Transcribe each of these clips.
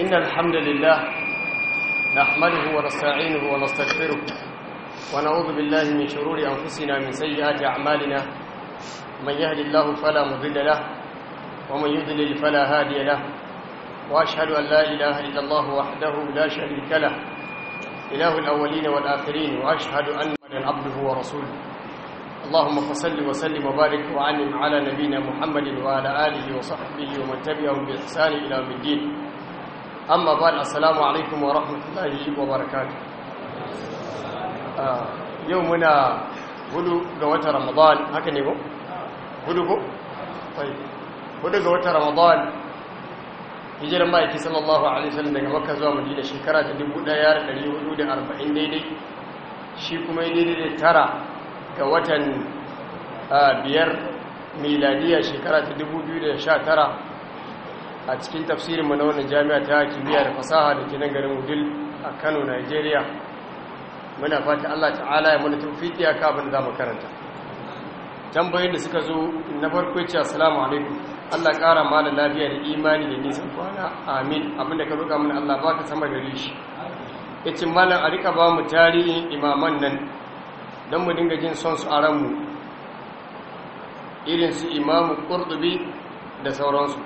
إن الحمد لله نحمده ونستعينه ونستغفره ونعوذ بالله من شرور أنفسنا من سيئات أعمالنا من يهد الله فلا مضل له ومن يضلل فلا هادي له وأشهد أن لا إله إلا الله وحده لا شريك له إله الأولين والآخرين وأشهد أن من عبده ورسوله اللهم فصل وسلم وبارك وعلم على نبينا محمد وعلى آله وصحبه ومن تبعهم بإحسان إلى يوم الدين amma ba ah, yau muna hudu ga wata ramadan haka ne ko? hudu ko? hudu ga wata ramadan hijirar ma'aiki sallallahu alaihi daga makka madina shekara ta 1440 daidai shi kuma daidai da tara ga watan ah, biyar miladiya shekara ta 2019 a cikin tafsirin na wannan jami'a ta kimiyya da fasaha da ke nan garin wudil a kano nigeria muna fata allah ta'ala ya mana tawfiqi ya abin da mu karanta tambayoyin da suka zo na farko ce assalamu alaikum allah kara mana lafiya da imani da nisan kwana amin abinda ka roƙa mana allah baka sama gare shi yace malam a rika ba mu tarihin imaman nan don mu dinga jin son su a ranmu irin su imamu qurtubi da sauransu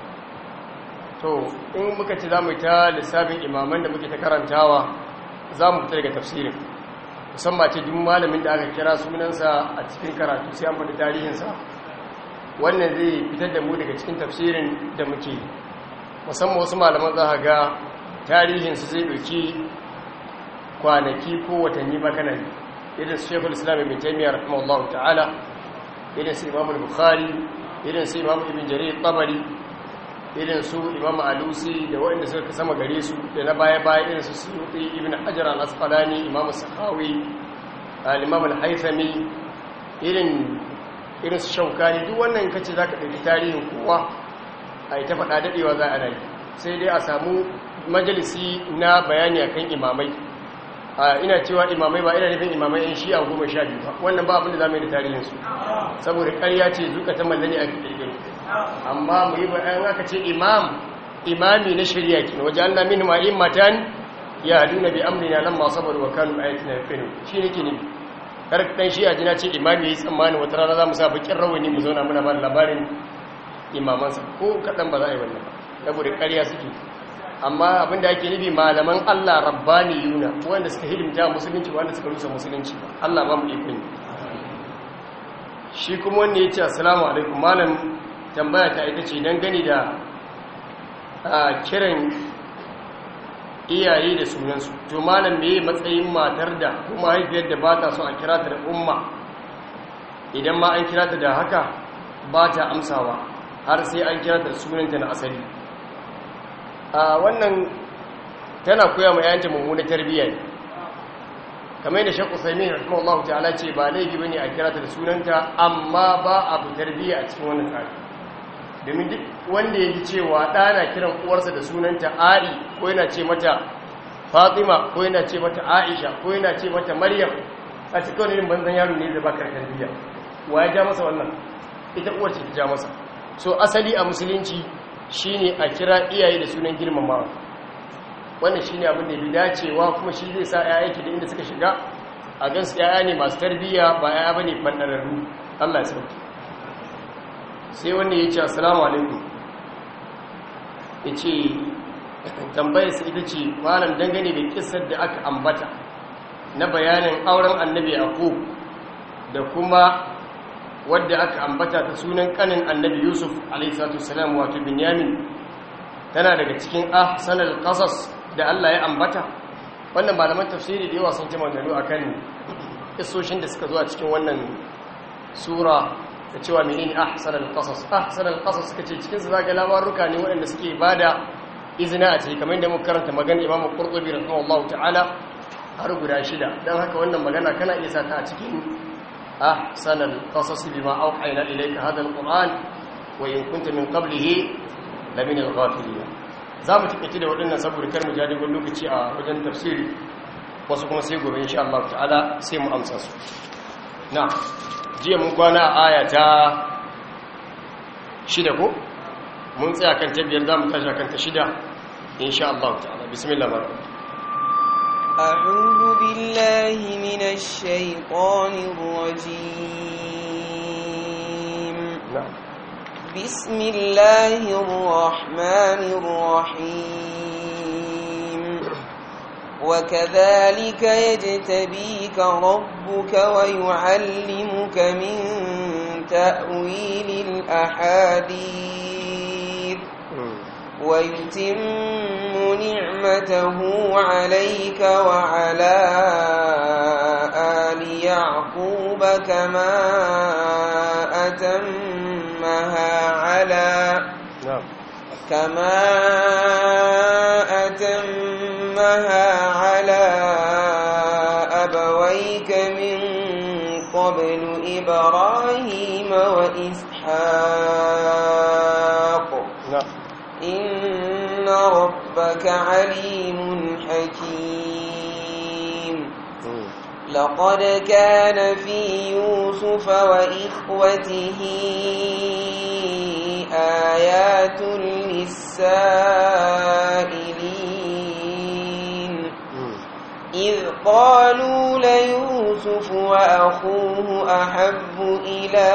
to in muka ci za mu ta lissafin imaman da muke ta karantawa za mu fita daga tafsirin musamman ce duk malamin da aka kira sunansa a cikin karatu sai an tarihinsa wannan zai fitar da mu daga cikin tafsirin da muke musamman wasu malaman za ga tarihinsu zai ɗauki kwanaki ko watanni makanan irin su shekul islam ibn taimiyar rahimahullahu ta'ala irin su imam bukhari irin su imam ibn jarir tabari irin su imam alusi da waɗanda suka sama gare su da na baya-baya irin su suyuti ibn hajar al-asqalani imam sahawi al-imam irin irin su shaukani duk wannan kace zaka ɗauki tarihin kowa ai ta faɗa dadewa za a rayu sai dai a samu majalisi na bayani akan imamai ina cewa imamai ba ina nufin imamai yan shi'a goma sha biyu ba wannan ba abin da za mu yi da tarihinsu saboda karya ce zuka ta mallani a ƙirƙiro amma mu yi bayan aka ce imam imami na shirya ke waje an namin yi matan ya hadu na bi amrina nan masu saboda wa kanu ayatun alfinu shi ne ke ne karkatan shi a jina ce imami ya yi tsammani wata rana za mu sa bakin rawani mu zauna muna ba labarin imamansa ko kaɗan ba za a yi wannan saboda ƙarya suke amma abin da ake nufi malaman Allah rabbani yuna wanda suka hidimta musulunci wanda suka rusa musulunci Allah ba mu ikon shi kuma wanda ya ce assalamu alaikum malam tambaya ta ita ce don gani da a kiran iyaye da sunansu to malam me matsayin matar da kuma haifiyar da ba ta so a kira ta da umma idan ma an kira ta da haka ba ta amsawa har sai an kira ta da sunanta na asali a wannan tana koya ma yayanta mummuna tarbiyya ne kamar da shakku sami rahimahullahu ta'ala ce ba laifi ne a kira ta da sunanta amma ba abu tarbiyya a cikin wannan tsari domin duk wanda ya ji cewa ɗana kiran uwarsa da sunanta ari ko yana ce mata fatima ko yana ce mata aisha ko yana ce mata maryam a cikin wani banzan yaro ne da bakar kalbiya wa ya ja masa wannan ita uwar ce ta ja masa so asali a musulunci shine a kira iyaye da sunan girmamawa wannan shine abin da bi dacewa kuma shi zai sa yaya ki da inda suka shiga a gansu yaya ne masu tarbiyya ba yaya bane bandararru Allah ya sauke sai wanda ya ce assalamu alaikum ya ce su ita ce kwanan dangane da kisar da aka ambata na bayanin auren annabi yaqub da kuma wadda aka ambata ta sunan kanin annabi yusuf a.s.w. wato binyamin tana daga cikin sanar kasas da Allah ya ambata wannan malaman tafsiri da yawa sun maganu a akan isoshin da suka zo a cikin wannan sura da cewa menene ahsanul qasas ahsanul qasas suka ce cikin su zaga labaruka ne waɗanda suke bada izina a cikin kamar da muka karanta magana Imam Qurtubi rahimahullahu ta'ala har guda shida dan haka wannan magana kana iya sata a cikin ahsanul qasas bima auhayna ilayka hadha alquran wa in kunta min qablihi lamin alghafilin za mu taƙaice da waɗannan saboda kar mu ja dogon lokaci a wajen tafsiri wasu kuma sai gobe insha Allah ta'ala sai mu amsa su na. jiya mun kwana a aya ta shida ko mun tsaya kan ta biyar za mu tashi kan ta shida insha Allah ta'ala bismillah mar a'udhu billahi minash shaitanir rajim bismillahir rahmanir rahim وكذلك يجتبيك ربك ويعلمك من تأويل الأحاديث ويتم نعمته عليك وعلى آل يعقوب كما أتمها على نعم. كما إبراهيم وإسحاق نعم إن ربك عليم حكيم لقد كان في يوسف وإخوته آيات للسائل إذ قالوا ليوسف وأخوه أحب إلى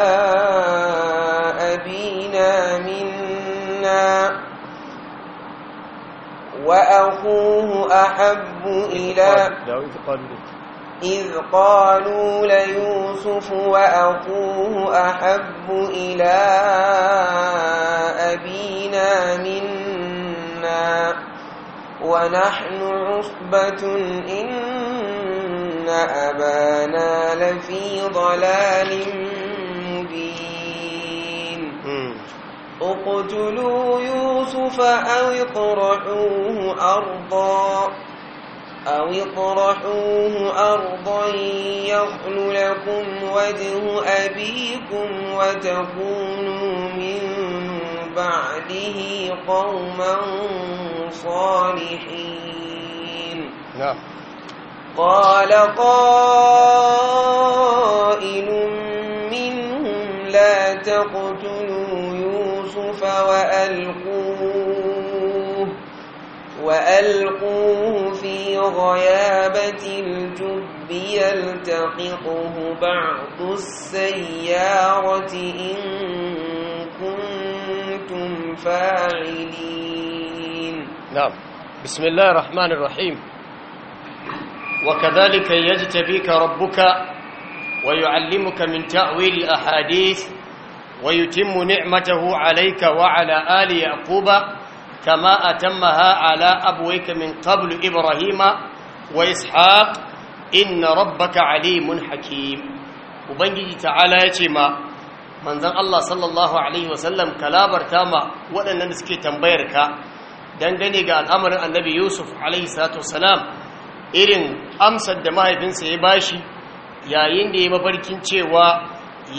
أبينا منا وأخوه أحب إلى إذ قالوا ليوسف وأخوه أحب إلى أبينا منا ونحن عصبة إن أبانا لفي ضلال مبين اقتلوا يوسف أو اطرحوه أرضا أو اطرحوه أرضا يخل لكم وجه أبيكم وتكونوا من بعده قوما الصالحين نعم قال قائل منهم لا تقتلوا يوسف وألقوه وألقوه في غيابة الجب يلتقطه بعض السيارة إن كنتم فاعلين نعم بسم الله الرحمن الرحيم وكذلك يجتبيك ربك ويعلمك من تأويل الأحاديث ويتم نعمته عليك وعلى آل يعقوب كما أتمها على أبويك من قبل إبراهيم وإسحاق إن ربك عليم حكيم وبنجي تعالى يتما من ذن الله صلى الله عليه وسلم كلابر تاما وأنا نسكي تنبيرك dangane ga al'amarin annabi yusuf alaihi salatu wasalam irin amsar da mahaifinsa ya bashi yayin da ya mafarkin cewa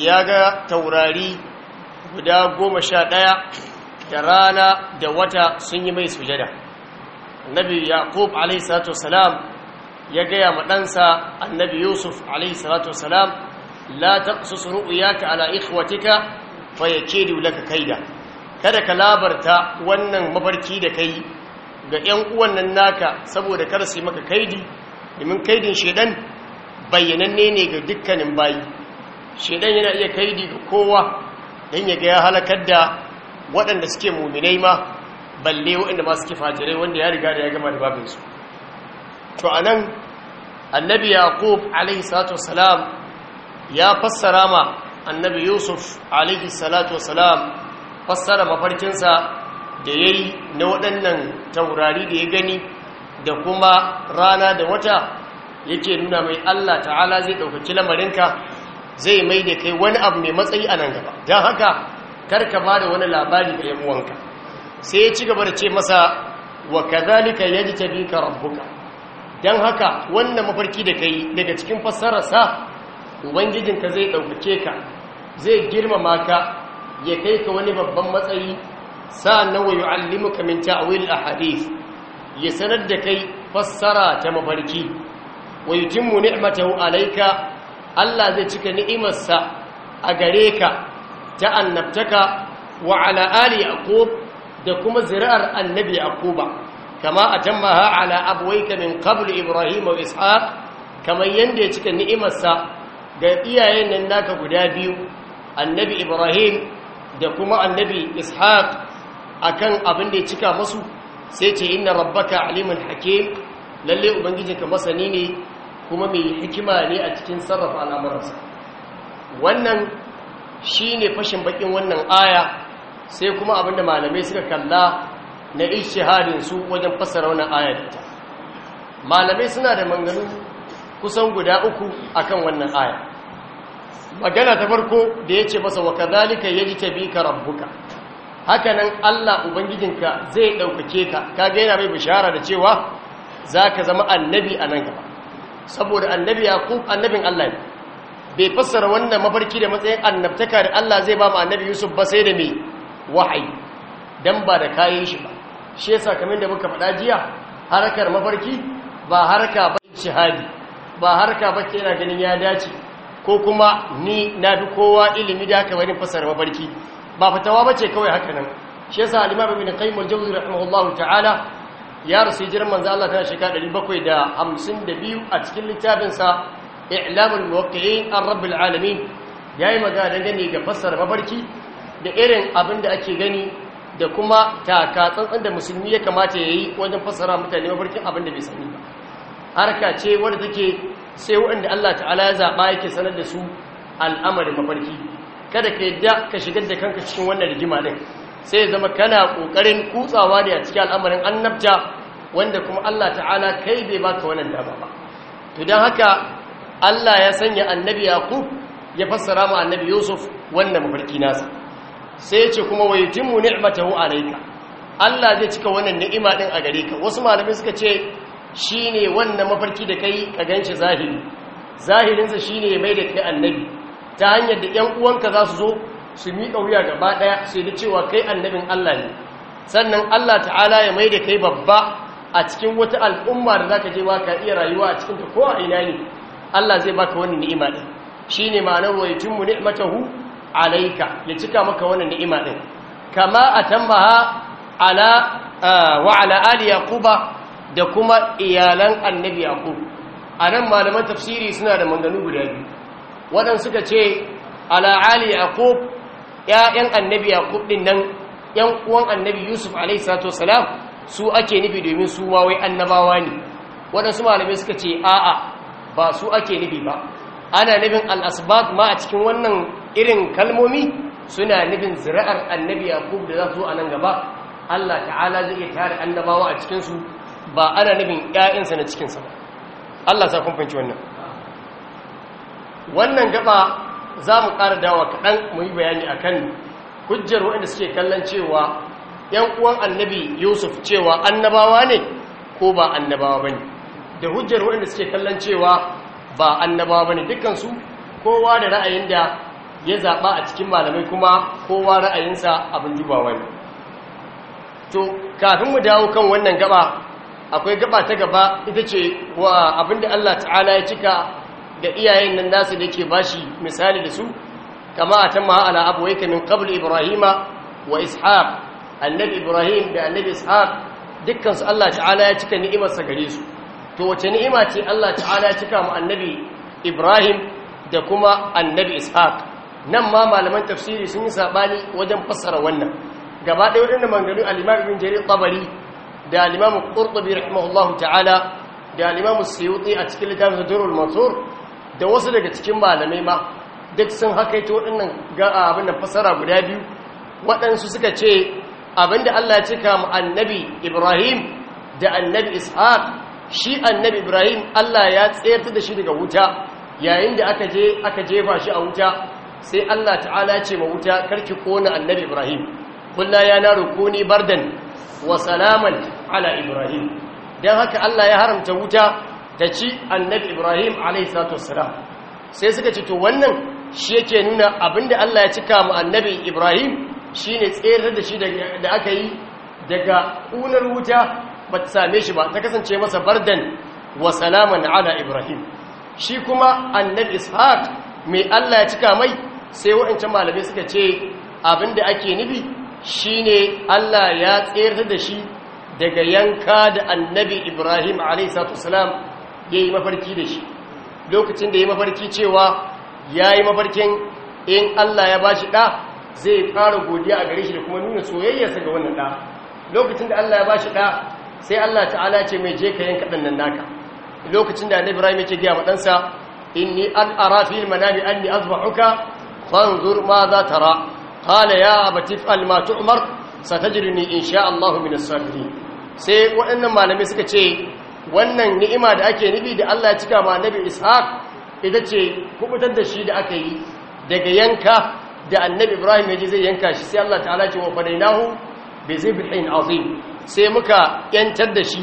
ya ga taurari guda goma sha ɗaya da rana da wata sun yi mai sujada annabi yaqub alaihi salatu wasalam ya gaya ma ɗansa annabi yusuf alaihi salatu wasalam la taqsus ru'yaka ala ikhwatika fayakidu laka kaida kada ka labarta wannan mafarki da kai ga 'yan uwan naka saboda kada su yi maka kaidi domin kaidin shedan bayyananne ne ga dukkanin bayi shedan yana iya kaidi ga kowa don ya ga ya halakar da waɗanda suke muminai ma balle waɗanda ma suke fajirai wanda ya riga da ya gama da babinsu to a nan annabi yaqub alaihi salatu wasalam ya fassara ma annabi yusuf alaihi salatu wasalam fassara mafarkinsa da ya yi na waɗannan taurari da ya gani da kuma rana da wata yake nuna mai Allah ta'ala zai ɗaukaki lamarinka zai mai da kai wani abu mai matsayi a nan gaba don haka karka ba da wani labari ga yamuwanka sai ya ci gaba da ce masa wa kazalika tabi ka rabbuka don haka wannan mafarki da ka yi daga cikin fassararsa ubangijinka zai ɗaukake ka zai girmama ka ya kai ka wani babban matsayi sa'annan wa yu'allimuka min ta'wil ahadith ya sanar da kai fassara ta mafarki wa yutimmu ni'matahu alayka Allah zai cika ni'imarsa a gare ka ta annabtaka wa ala ali yaqub da kuma zira'ar annabi yaquba kama atammaha ala abwayka min qabl ibrahim wa ishaq kamar yanda ya cika ni'imarsa ga iyayen nan naka guda biyu annabi ibrahim da kuma annabi ishaq akan abin da ya cika masu sai ce inna rabbaka aliman hakim lalle ka masani ne kuma mai hikima ne a cikin sarrafa al'amuransa wannan shine fashin bakin wannan aya sai kuma abin da malamai suka kalla na ishihadin su wajen fassara wannan aya ta malamai suna da manganu kusan guda uku akan wannan aya magana ta farko da ya ce masa wa ka kazalika ka rabbuka hakanan Allah ubangijinka zai ɗaukake ka kaga yana mai bishara da cewa za ka zama annabi a nan gaba saboda annabi ku annabin Allah ne bai fassara wannan mafarki da matsayin annabtaka da Allah zai ba mu annabi Yusuf ba sai da mai wahayi don ba da kayan shi ba shi yasa kamar da muka faɗa jiya harkar mafarki ba harka ba shahadi ba harka ba ke yana ganin ya dace ko kuma ni na fi kowa ilimi da aka wani fasara barki ba fatawa ba ce kawai haka nan shi yasa alima babu na kaimul jawzi rahimahullahu ta'ala ya rasu hijirar manzo Allah hamsin shekara 752 a cikin littafinsa i'lamul muwaqqi'in an rabbil alamin yayi magana dangane ga fasara barki da irin abin da ake gani da kuma taka tsantsan da musulmi ya kamata yayi wajen fasara mutane mabarkin abin da bai sani ba harka ce wadda take sai waɗanda Allah ta'ala ya zaɓa yake sanar da su al'amarin mafarki kada ka yadda ka shigar da kanka cikin wannan rigima din. sai ya zama kana ƙoƙarin kutsawa da a ciki al'amarin annabta wanda kuma Allah ta'ala kai bai baka wannan dama ba to don haka Allah ya sanya annabi yaqub ya fassara ma annabi yusuf wannan mafarki nasa sai ya ce kuma wa yutimmu ni'matahu alayka Allah zai cika wannan ni'ima din a gare ka wasu malamai suka ce Shi ne wannan mafarki da kai ka shi zahiri zahirinsa shi ne mai da kai annabi ta hanyar da 'yan uwanka za su zo su miƙa wuya gaba ɗaya sai da cewa kai annabin Allah ne sannan Allah ta'ala ya mai da kai babba a cikin wata al'umma da za ka je ba ka iya rayuwa a cikinta ko a ina ne Allah zai baka wani ni'ima ɗin shi ne ma'anar wai yatin mu ni'matahu alaika ya cika maka wani ni'ima ɗin kama a tambaha ala ah, wa ala ali da kuma iyalan annabi yaqub anan malaman tafsiri suna da manganu guda biyu wadan suka ce ala ali yaqub ƴaƴan annabi yaqub din nan ƴan uwan annabi yusuf alayhi salatu wasalam su ake nufi domin su ma wai annabawa ne waɗansu malamai suka ce a'a ba su ake nufi ba ana nufin al-asbab ma a cikin wannan irin kalmomi suna nufin zira'ar annabi yaqub da za su zo a nan gaba Allah ta'ala zai iya tare annabawa a cikinsu ba ana nufin ya'yansa na cikinsa ba Allah sa kun fahimci wannan wannan gaba za mu ƙara dawa kaɗan mu yi bayani a kan hujjar waɗanda suke kallon cewa ‘yan uwan annabi yusuf cewa annabawa ne ko ba annabawa ba ne da hujjar waɗanda suke kallon cewa ba annabawa ba ne dukansu kowa da ra'ayin da ya zaɓa a cikin malamai kuma kowa ra'ayinsa abin dubawa ne to kafin mu dawo kan wannan gaba akwai gaba ta gaba ita ce wa abinda Allah ta'ala ya cika da iyayen nan nasu da ke bashi misali da su kama a tamma ala yake min qabl ibrahima wa ishaq annabi ibrahim da annabi ishaq dukkan su Allah ta'ala ya cika ni'imar sa gare su to wace ni'ima ce Allah ta'ala ya cika mu annabi ibrahim da kuma annabi ishaq nan ma malaman tafsiri sun yi sabani wajen fassara wannan gaba ɗaya waɗannan manganin al-imam ibn jarir tabari da limamu qurtubi rahimahullahu ta'ala da limamu suyuti a cikin littafin durul mansur da wasu daga cikin malamai ma duk sun hakaito waɗannan ga abin da fasara guda biyu waɗansu suka ce abinda Allah ya cika mu annabi Ibrahim da annabi Ishaq shi annabi Ibrahim Allah ya tsayar da shi daga wuta yayin da aka je aka jefa shi a wuta sai Allah ta'ala ce ma wuta karki kona annabi Ibrahim kullu ya naru kuni bardan wa salaman ala ibrahim don haka Allah ya haramta wuta da ci annabi ibrahim alaihissalatu wassalam sai suka ce to wannan shi yake nuna abinda Allah ya cika mu annabi ibrahim shine tsere da shi da aka yi daga kunar wuta ba ta same shi ba ta kasance masa bardan wa salaman ala ibrahim shi kuma annabi ishaq mai Allah ya cika mai sai waɗancan malamai suka ce abinda ake nufi Shi ne Allah ya tsayar da shi daga yanka da annabi Ibrahim a.s. ya yi mafarki da shi lokacin da ya mafarki cewa ya yi mafarkin in Allah ya ba shi ɗa zai ƙara godiya a gare shi da kuma nuna soyayyarsa ga wannan ɗa lokacin da Allah ya ba shi ɗa sai Allah ta'ala ce mai je ka yanka ɗannan naka lokacin da annabi Ibrahim yake gaya waɗansa inni an ara fil manami anni azbahuka fanzur ma za ra. qala ya abati fa'al ma tu'mar satajrini insha Allah min as sai waɗannan malamai suka ce wannan ni'ima da ake nufi da Allah ya cika ma Annabi Ishaq ita ce kubutar da shi da aka yi daga yanka da Annabi Ibrahim ya ji zai yanka shi sai Allah ta'ala ce wa fadainahu bi zibhin azim sai muka yantar da shi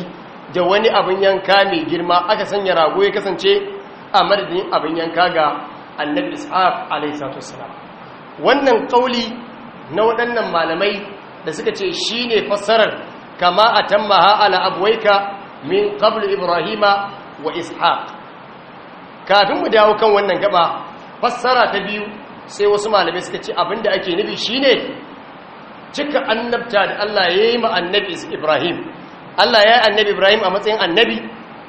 da wani abin yanka mai girma aka sanya rago ya kasance a madadin abin yanka ga Annabi Ishaq alayhi salatu wassalam wannan kauli na waɗannan malamai da suka ce shi ne fassarar kama a atammaha ala abwaika min qabl ibrahima wa ishaq kafin mu dawo kan wannan gaba fassara ta biyu sai wasu malamai suka ce abin da ake nufi ne cika annabta da Allah ya yi ma annabi Ibrahim Allah ya yi annabi Ibrahim a matsayin annabi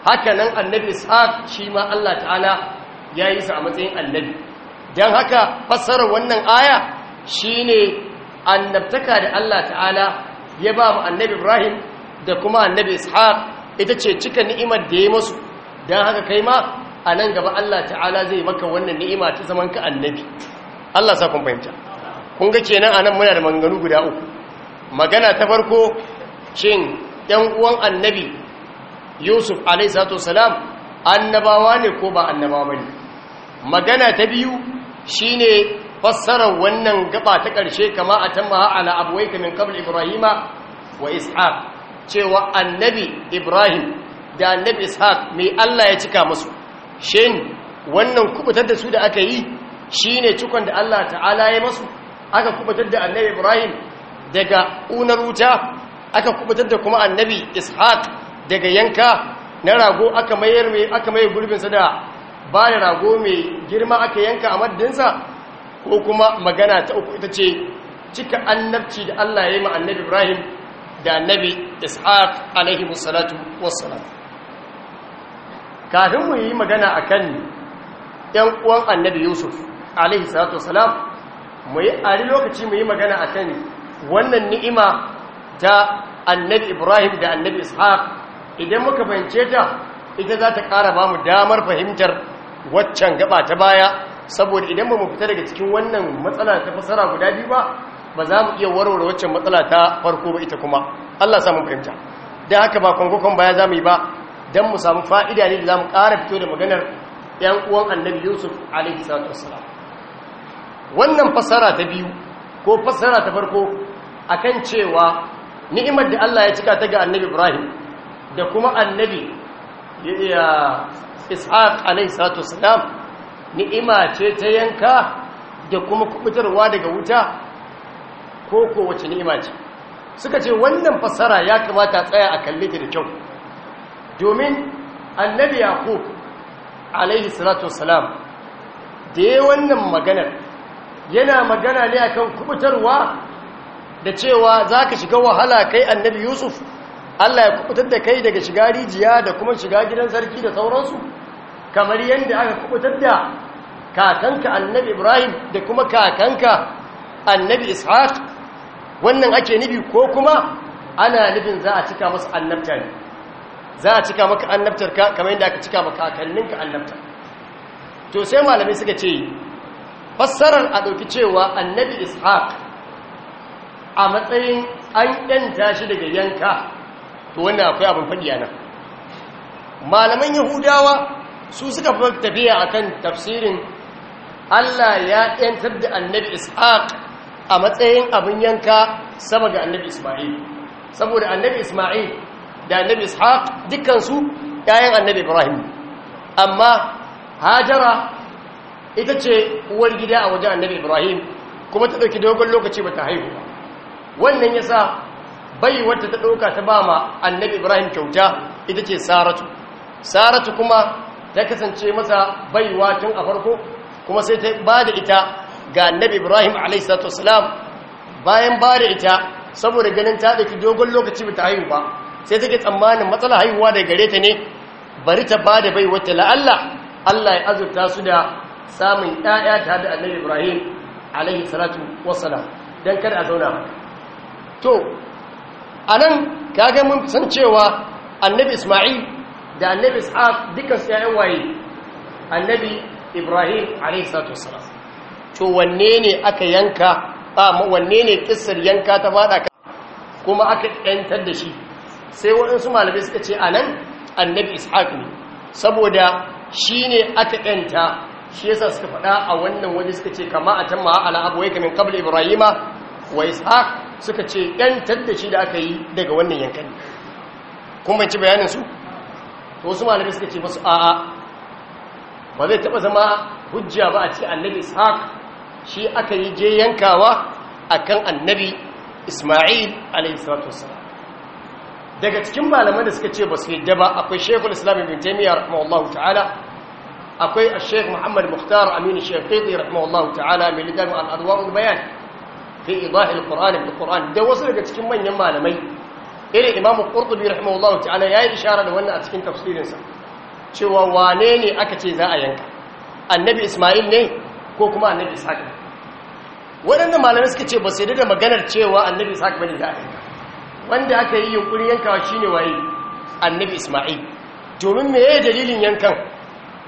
haka nan annabi Ishaq shi ma Allah ta'ala ya yi su a matsayin annabi don haka fassarar wannan aya shi ne annabtaka da Allah ta'ala ya ba mu annabi Ibrahim da kuma annabi Ishaq ita ce cika ni'imar da ya masu don haka kai ma a nan gaba Allah ta'ala zai maka wannan ni'ima ta zaman ka annabi Allah sa kun fahimta kun ga kenan anan muna da manganu guda uku magana ta farko shin ɗan uwan annabi Yusuf alaihi salatu wasalam annabawa ne ko ba annabawa bane magana ta biyu Shi ne fassarar wannan gaba ta ƙarshe kama a tamma ala abuwaika min qabl ibrahima wa ishaq cewa annabi ibrahim da annabi ishaq mai Allah ya cika musu shin wannan kubutar da su da aka yi shi ne cikon da Allah ta'ala ya masu aka kubutar da annabi ibrahim daga unar wuta aka kubutar da kuma annabi ishaq daga yanka na rago aka mayar gurbinsa da ba da rago mai girma aka yanka a madadinsa ko kuma magana ta uku ita ce cika annabci da Allah ya yi ma annabi Ibrahim da annabi Ishaq alaihi wassalatu wassalam kafin mu yi magana akan yan uwan annabi Yusuf alaihi salatu wassalam mu yi a lokaci mu yi magana akan wannan ni'ima ta annabi Ibrahim da annabi Ishaq idan muka fahimce ta ita za ta ƙara ba mu damar fahimtar waccan gaba ta baya saboda idan ba mu fita daga cikin wannan matsala ta fasara guda biyu ba ba za mu iya warware waccan matsala ta farko ba ita kuma Allah samu fahimta da haka ba kwankwakan baya za mu yi ba don mu samu fa'ida ne da za mu ƙara fito da maganar ‘yan uwan annabi yusuf alaihi wannan fasara ta biyu ko fasara ta farko akan cewa ni'imar da Allah ya cika ta ga annabi ibrahim da kuma annabi ishaq alaihi salatu wassalam ni'ima ce ta yanka da kuma kubutarwa daga wuta ko ko wace ni'ima ce suka ce wannan fasara ya kamata tsaya a kalle da kyau domin annabi yaqub alaihi salatu wassalam da yayin wannan maganar yana magana ne akan kubutarwa da cewa zaka shiga wahala kai annabi yusuf Allah ya kubutar da kai daga shiga rijiya da kuma shiga gidan sarki da sauransu kamar yadda aka kubutar da kakanka annabi ibrahim da kuma kakanka annabi ishaq wannan ake nufi ko kuma ana nufin za a cika masu annabta ne za a cika maka annabtar kamar yadda aka cika maka kakanninka annabta to sai malamai suka ce fassarar a ɗauki cewa annabi ishaq a matsayin an yanta shi daga yanka to wannan akwai abin faɗi a malaman yahudawa su suka fi tafiya a kan tafsirin Allah ya ɗantar da annabi Ishaq a matsayin abin yanka sama ga annabi Ismail saboda annabi Ismail da annabi Ishaq dukkansu ƴaƴan annabi Ibrahim amma Hajara ita ce uwar gida a wajen annabi Ibrahim kuma ta ɗauki dogon lokaci ba ta haihu wannan ya sa bai wata ta ɗauka ta ba ma annabi ibrahim kyauta ita ce saratu saratu kuma ta kasance masa baiwa tun a farko kuma sai ta ba da ita ga annabi ibrahim a.s. bayan ba da ita saboda ganin ta daki dogon lokaci ba ta haihu ba sai take tsammanin matsala haihuwa da gare ta ne bari ta ba da baiwa ta la'alla allah ya azurta su da samun ‘ya'ya ta da annabi ibrahim a.s. don kada a zauna to a nan ga mun san cewa annabi ismail da annabi Is'af duka su yayin waye annabi Ibrahim alayhi salatu wassalam to wanne ne aka yanka a wanne ne kissar yanka ta fada kuma aka yantar da shi sai waɗansu malamai suka ce anan annabi ishaq ne saboda shi ne aka yanta shi yasa suka faɗa a wannan waje suka ce kama a can ma'ala abuwai kamin qabl Ibrahima wa ishaq suka ce yantar da shi da aka yi daga wannan yankan kuma ci bayanin su to wasu malamai suka ce masu a'a ba zai taba zama hujja ba a ce annabi ishaq shi aka yi je yankawa akan annabi isma'il alayhi salatu wassalam daga cikin malaman da suka ce ba su yadda ba akwai shekul islam ibn taymiyyah rahimahullahu ta'ala akwai sheikh muhammad muhtar aminu shafiqi rahimahullahu ta'ala mai littafin al-adwar bayan fi idahi al-quran bil-quran da wasu daga cikin manyan malamai irin imamu qurtubi rahimahullahu ta'ala ya yi ishara da wannan a cikin tafsirinsa cewa wane ne aka ce za a yanka annabi isma'il ne ko kuma annabi ishaq waɗanda malamai suka ce ba sai da maganar cewa annabi ishaq ne za a yanka wanda aka yi yunkurin yankawa ne waye annabi isma'il domin me ya dalilin yankan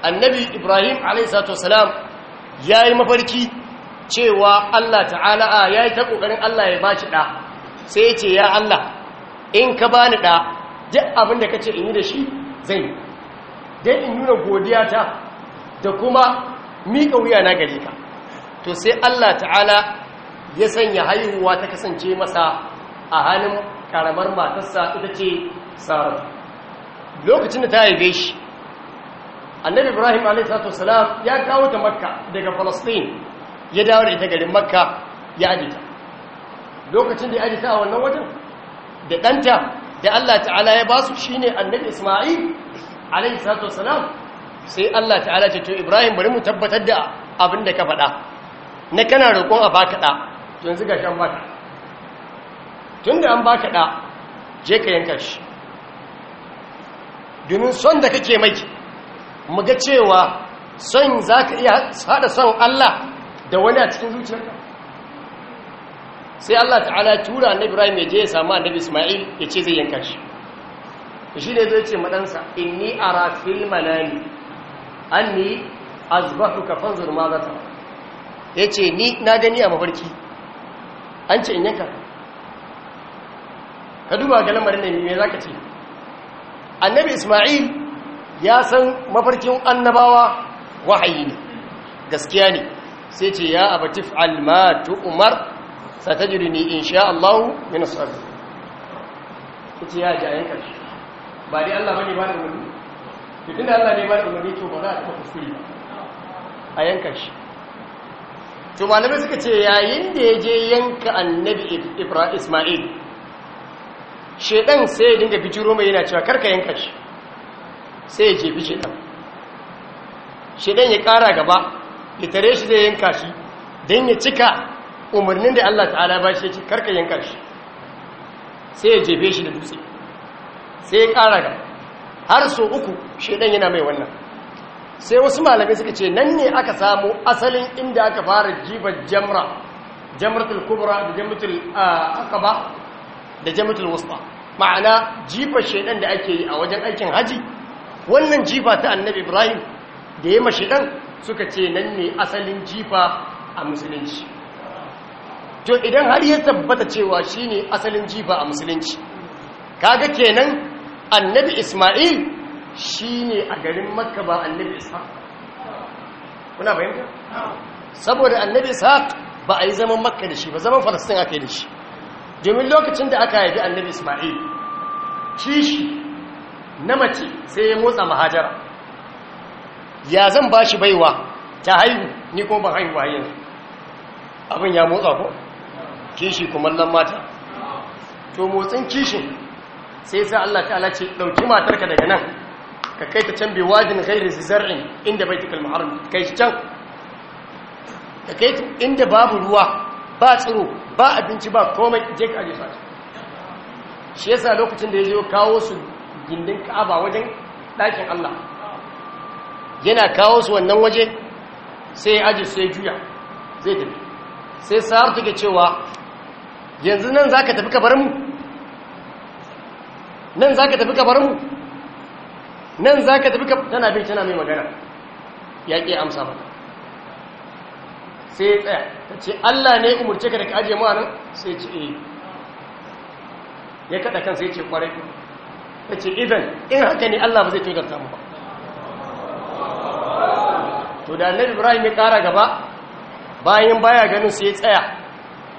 annabi ibrahim alayhi salatu ya yi mafarki cewa Allah ta'ala ya yi ta kokarin Allah ya ba shi ɗa sai ya ce ya Allah in ka bani da duk abin da ka ce in yi da shi zai yi don in nuna godiya ta da kuma miƙa wuya na gare ka to sai Allah ta'ala ya sanya haihuwa ta kasance masa a hannun karamar matarsa ita ce sarar lokacin da ta haife shi annabi ibrahim a.s. ya kawo ta makka daga falastin ya dawo da ita garin makka ya ajita lokacin da ya ajita a wannan wajen da ɗanta da Allah ta'ala ya ba su shine annabi Isma'il alayhi salatu wasalam sai Allah ta'ala ce to Ibrahim bari mu tabbatar da abin da ka faɗa ne kana roƙon a baka da to yanzu ga shan baka Tunda an baka da je ka yanka shi domin son da kake mai mu ga cewa son za ka iya haɗa son Allah da wani a cikin zuciyarka sai Allah ta'ala tura annabi Ibrahim ya je ya samu annabi Ismail ya ce zai yanka shi shi ne zai ce madansa inni ara fil manami anni azbahuka fanzur ma zata yace ni na gani a mafarki an ce in yanka ka duba ga lamarin ne me zaka ce annabi Ismail ya san mafarkin annabawa wahayi ne gaskiya ne sai ce ya abatif alma tu'mar in sha Allah min as-sabr kici ya ji ayyukan ba dai Allah bane ba da umarni to tunda Allah ne ba da umarni to ba za a taɓa kuskure a yanka shi to malamai suka ce yayin da yaje yanka annabi Ibrahim Isma'il shedan sai ya dinga bijiro mai yana cewa karka yanka shi sai ya jefi shedan shedan ya kara gaba ya tare shi zai yanka shi don ya cika umarnin da Allah ta'ala ba shi ya ce karka yanka shi sai ya jefe shi da dutse sai ya ƙara da har so uku shaidan yana mai wannan sai wasu malamai suka ce nan ne aka samu asalin inda aka fara jibar jamra jamratul kubra da jamratul aqaba da jamratul wusta ma'ana jiba shaidan da ake yi a wajen aikin haji wannan jifa ta annabi ibrahim da ya mashi suka ce nan ne asalin jifa a musulunci to idan har ya tabbata cewa shine asalin jifa a musulunci kaga kenan annabi isma'il shine a garin makka ba annabi ishaq kuna fahimta saboda annabi ishaq ba a yi zaman makka da shi ba zaman falastin aka yi da shi domin lokacin da aka haifi annabi isma'il kishi na mace sai ya motsa mahajara ya zan ba shi baiwa ta haihu ni ko ban haihuwa yanzu abin ya motsa ko kishi kumallon mata to motsin kishin sai sa Allah ta'ala ce dauki matarka daga nan ka kai ta can bi wajin ghairi zar'in inda baitul muharram kai shi can ka kai ta inda babu ruwa ba tsiro ba abinci ba komai je ka aje shi shi yasa lokacin da yaje kawo su gindin Ka'aba wajen dakin Allah yana kawo su wannan waje sai aje sai juya zai tafi sai sa'ar take cewa yanzu nan za ka tafi kabarinmu, mu nan za ka tafi kabarinmu, mu nan za ka tafi ka tana bin tana mai magana ya ƙi amsa ba sai ya tsaya ta ce allah ne Umarci ka da ka ajiye mawa sai ce eh ya kaɗa kan sai ce kwarai ta ce idan in haka ne allah ba zai tozarta mu ba to da annabi ibrahim ya ƙara gaba bayan baya ganin sai ya tsaya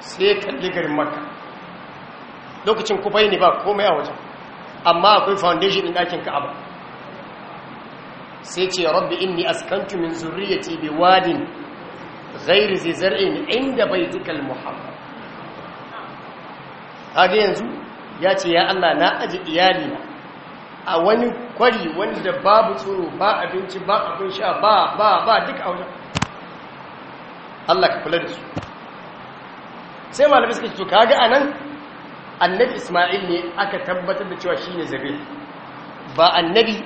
sai ya kalli garin maka lokacin kufai ne ba komai a wajen amma akwai foundation ɗin ɗakin ka'aba sai ce rabbi inni askantu min zurriyati bi wadin ghairi zai zar'in inda baitikal muhammad kaga yanzu ya ce ya Allah na aji na a wani kwari wanda babu tsoro ba abinci ba abin sha ba ba ba duk a wajen Allah ka kula da su sai malamai suka ce to kaga anan annabi Isma'il ne aka tabbatar da cewa shine zabil ba annabi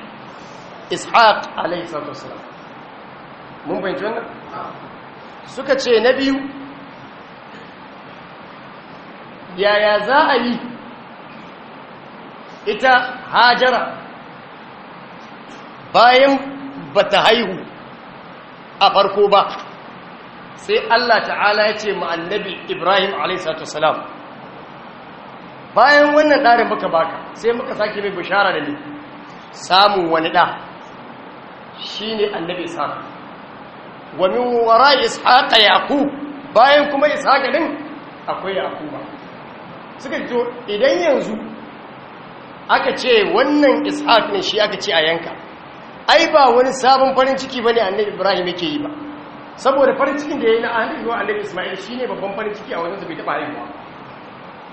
Ishaq alayhi salatu wassalam mun fahimci wannan suka ce na biyu yaya za a yi ita hajara bayan bata haihu a farko ba sai Allah ta'ala ya ce ma annabi Ibrahim a.s. bayan wannan ɗarin muka baka sai muka sake mai bishara da ne samun wani ɗa shi ne annabi sa'a wani wara wara ishaq yaqub bayan kuma ishaƙa ɗin akwai ba suka jo idan yanzu aka ce wannan ishaƙa ne shi aka ce a yanka ai ba wani sabon farin ciki ba ne annabi Ibrahim yake yi ba saboda farin cikin da ya yi na haihuwa annabi ismail shi ne babban farin ciki a wajensa bai taɓa haihuwa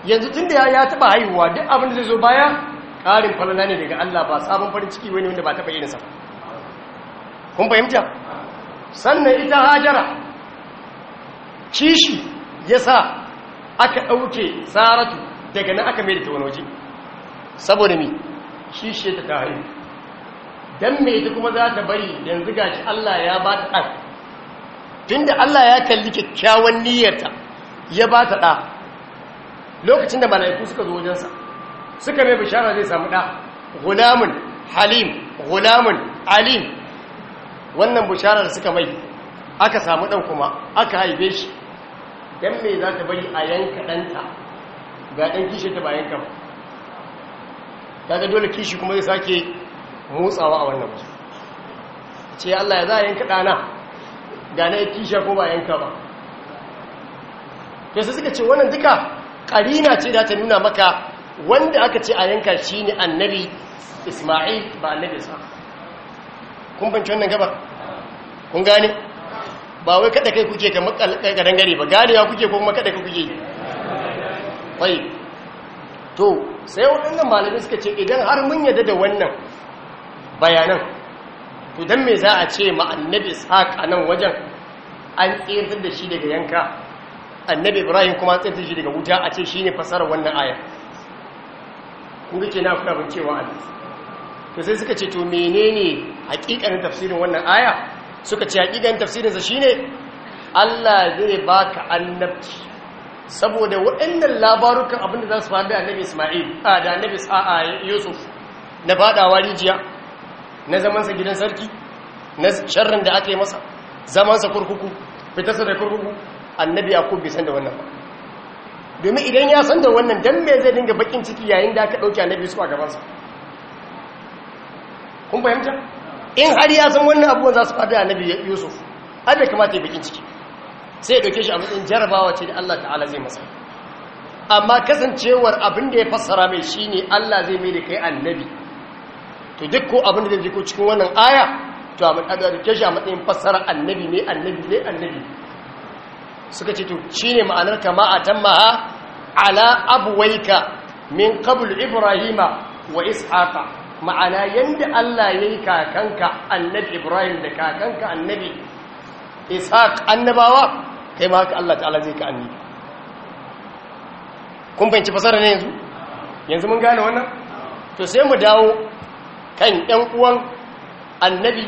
yanzu tun da ya taɓa haihuwa duk abin da zai zo baya karin falala ne daga allah ba sabon farin ciki wani wanda ba taɓa irinsa kun fahimta sannan ita hajara kishi ya sa aka ɗauke saratu daga nan aka mai da ta wani waje saboda mi kishi ta ta haihu don me ta kuma za ta bari yanzu shi allah ya ba ta ɗan tunda Allah ya kalli kyakkyawan niyyarta ya ba ta ɗa lokacin da mala'iku suka zo wajensa suka mai bishara zai samu ɗa gulamun halim gulamun alim wannan bisharar suka mai aka samu ɗan kuma aka haife shi don me za ta bari a yanka ɗanta ga ɗan kishi ta ba yanka ba kaga dole kishi kuma zai sake motsawa a wannan wasu ce Allah ya za a yanka ɗana Gane na kisha ko ba yanka ba yasa suka ce wannan duka karina ce da ta nuna maka wanda aka ce a yanka shi ne annabi ismail ba annabi sa kun banci wannan gaba kun gane ba wai kada kai kuke ka kadan gare ba gane ya kuke ko kuma kada kai kuke wai to sai waɗannan malamin suka ce idan har mun yadda da wannan bayanan to dan me za a ce ma annabi ishaq a nan wajen an tsirtar da shi daga yanka annabi ibrahim kuma an tsirtar shi daga wuta a ce shi ne fasarar wannan aya kun ce na kuna bin cewa an to sai suka ce to menene hakikanin tafsirin wannan aya suka ce hakikanin tafsirinsa ne? Allah zai baka annabci saboda waɗannan labarukan abinda za su faru da annabi Isma'il da annabi Yusuf na fadawa rijiya na zamansa gidan sarki na sharrin da aka yi masa zamansa kurkuku fitarsa da kurkuku annabi ya bai san da wannan ba domin idan ya san da wannan dan me zai dinga bakin ciki yayin da aka dauki annabi su a gabansa kun fahimta in har ya san wannan abubuwan za su faɗi annabi yusuf har da kamata ya bakin ciki sai ya dauke shi a matsayin jarabawa ce da Allah ta'ala zai masa amma kasancewar abin da ya fassara mai shine Allah zai mai da kai annabi to duk ko abin da zai ko cikin wannan aya to abin da shi a matsayin fassara annabi ne annabi ne annabi suka ce to shine ma'anar kama a tammaha ala abuwaika min qabl ibrahima wa ishaqa ma'ana yanda Allah yayi kakanka annabi ibrahim da kakanka annabi ishaq annabawa kai ma haka Allah ta'ala zai ka annabi kun fahimci fasara ne yanzu yanzu mun gane wannan to sai mu dawo kan ɗan uwan annabi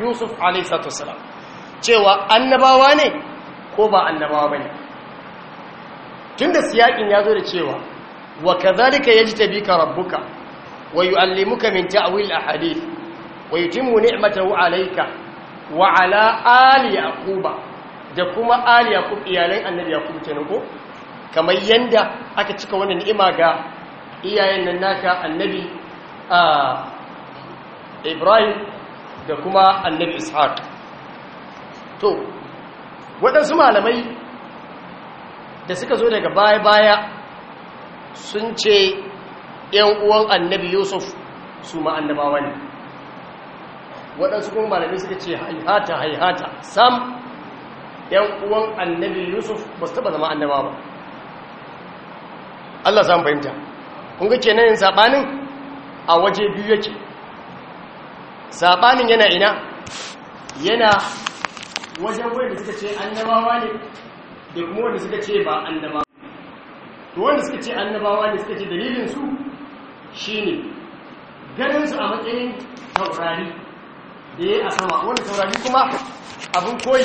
yusuf a.s.w. cewa annabawa ne ko ba annabawa ba ne tun da siyaƙin ya zo da cewa wa kazalika ya ji tabi ka rabbuka wa yi allimuka min ta'awil a hadith wa yi timu ni'matahu alaika wa ala ali da kuma ali iyalan annabi yaqub kenan nuku kamar yanda aka cika wannan ni'ima ga iyayen nan naka annabi ibrahim da kuma annabi ishaq to waɗansu malamai da suka zo daga baya-baya sun ce ‘yan uwan annabi yusuf su ma'annabawa ne waɗansu kuma malamai suka ce haihata haihata sam ‘yan uwan annabi yusuf ba su taɓa zama annaba ba Allah samun fahimta kun ga kenan yin saɓanin a waje biyu yake saɓanin yana ina yana wajen wanda suka ce annabawa ne da kuma wanda suka ce ba annabawa to wanda suka ce annabawa ne suka ce dalilinsu shi ne ganinsu a matsayin taurari da ya yi a sama wanda taurari kuma abin koyi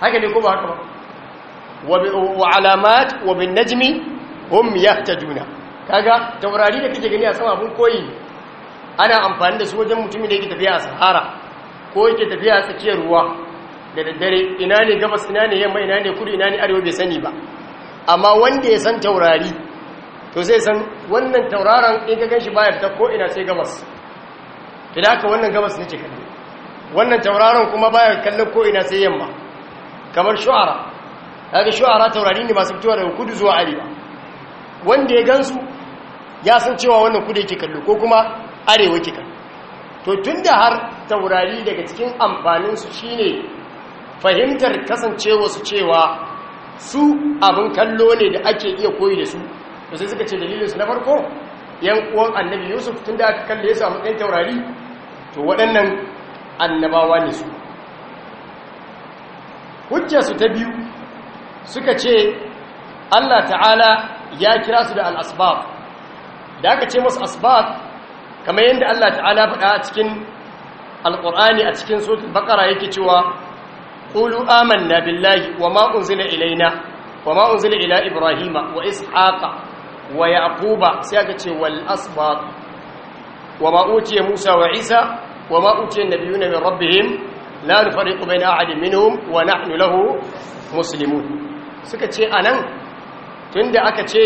haka ne ko ba haka ba wa alamat wa bin najmi hum yahtajuna kaga taurari da kake gani a sama abun koyi ana amfani da su wajen mutumin da yake tafiya a sahara ko yake tafiya a tsakiyar ruwa da daddare ina ne gabas ina ne yamma ina ne kudu ina ne arewa bai sani ba amma wanda ya san taurari to sai san wannan tauraron in ka ganshi bayar ta ko ina sai gabas to da haka wannan gabas ne ce kallo wannan tauraron kuma bayar kallon ko ina sai yamma kamar shu'ara kaga shu'ara taurari ne masu fitowa daga kudu zuwa arewa wanda ya gansu ya san cewa wannan kudu yake kallo ko kuma arewa ke kallo to tun da har taurari daga cikin amfaninsu shine fahimtar kasancewa su cewa su abin kallo ne da ake iya koyi da su to sai suka ce dalilin su na farko yan uwan annabi yusuf tun da aka kalle su a matsayin taurari to waɗannan annabawa ne su su ta biyu suka ce allah ta'ala ya kira su da al'asbab da aka ce masu asbab kamar yadda Allah ta'ala faɗa a cikin alƙur'ani a cikin sotul bakara yake cewa ƙulu na billahi wa ma'un zina ilaina wa ma'un zina ila ibrahima wa ishaƙa wa yaƙuba sai aka ce wal asbab wa ma'uciye musa wa isa wa na nabiyuna min rabbihim la nufariqu bayna ahadin wa nahnu lahu muslimun suka ce anan tunda aka ce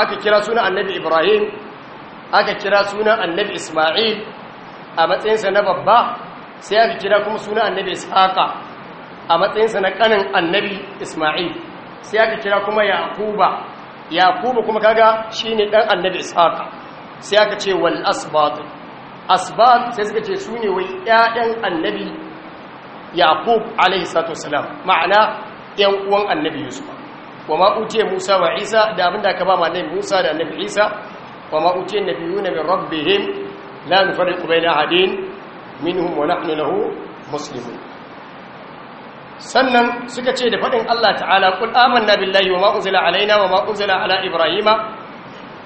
aka kira suna annabi ibrahim aka kira suna annabi isma'il a matsayinsa na babba sai aka kira kuma suna annabi ishaqa a matsayinsa na kanin annabi isma'il sai aka kira kuma yaquba Yakuba kuma kaga shine dan annabi ishaqa sai aka ce wal asbat asbat sai suka ce sune wai ƴaƴan annabi yaqub alaihi salatu wasalam ma'ana ƴan uwan annabi yusuf wa ma utiya Musa wa Isa da abinda aka ba ma Musa da annabi Isa wa ma utiya nabiyuna min rabbihim la nufarriqu baina ahadin sannan suka ce da fadin Allah ta'ala qul amanna billahi wa ma alaina wa ma ala ibrahima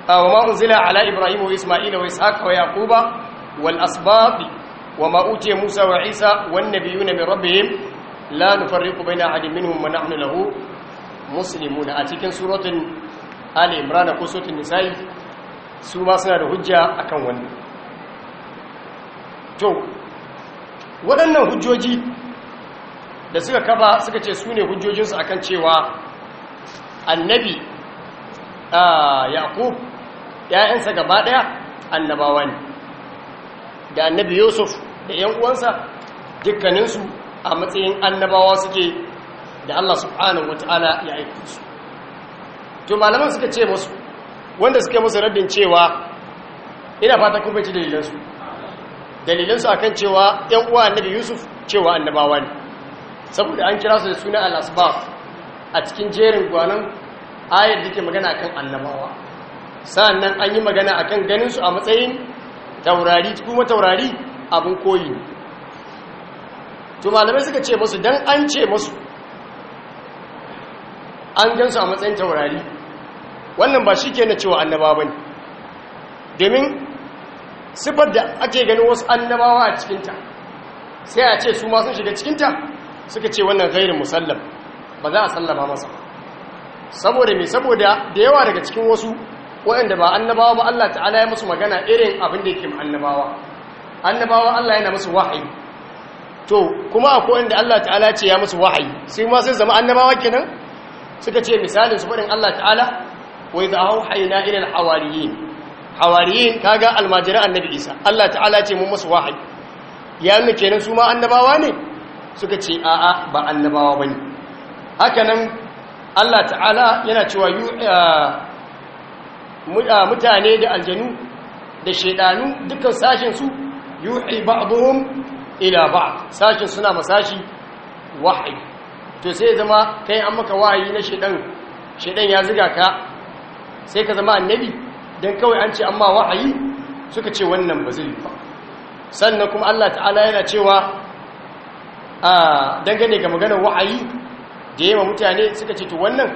wa ma ala ibrahima wa isma'ila wa ishaqa wa yaquba wal asbab wa ma Musa wa Isa wan nabiyuna min rabbihim la nufarriqu baina ahadin minhum wa muslimun a cikin suratun ali imran ko suratun nisa'i su ma suna da hujja akan wannan to waɗannan hujjoji da suka kaba suka ce su ne hujjojinsu akan cewa annabi yaqub ‘ya'yansa gaba ɗaya annabawa da annabi yusuf da ‘yan uwansa dukkaninsu a matsayin annabawa suke da Allah subhanahu wata'ala ya aika su to malaman suka ce musu wanda suka musu raddin cewa ina fata kuma bai dalilan su dalilan su akan cewa 'yan uwa annabi Yusuf cewa annabawa ne saboda an kira su da suna al a cikin jerin gwanan ayar da ke magana akan annabawa sannan an yi magana akan ganin su a matsayin taurari kuma taurari abin koyi to malamai suka ce musu dan an ce musu an gansu a matsayin taurari wannan ba shi ke na cewa annaba ba ne domin sifar da ake ganin wasu annabawa a cikinta sai a ce su ma sun shiga cikinta suka ce wannan gairin musallam ba za a sallama masa saboda mai saboda da yawa daga cikin wasu waɗanda ba annabawa ba Allah ta'ala ya musu magana irin abin da yake annabawa annabawa Allah yana musu wahayi to kuma akwai inda Allah ta'ala ce ya musu wahayi sai ma sai zama annabawa kenan suka ce misalin su faɗin Allah ta'ala wai za hau haina ilal hawariyin hawariyin kaga almajiran annabi isa Allah ta'ala ce mun masu wahayi ya nuna kenan su ma annabawa ne suka ce a'a ba annabawa bane haka nan Allah ta'ala yana cewa mutane da aljanu da shaidanu dukkan sashinsu yuhi ba'dhum ila ba'd sashin suna masashi wahayi to sai ya zama kai an maka wa'ayi na shedan shedan ya ziga ka sai ka zama annabi dan kawai an ce amma wa'ayi suka ce wannan ba zai ba sannan kuma Allah ta'ala yana cewa a dangane ga maganar wa'ayi da yawa mutane suka ce to wannan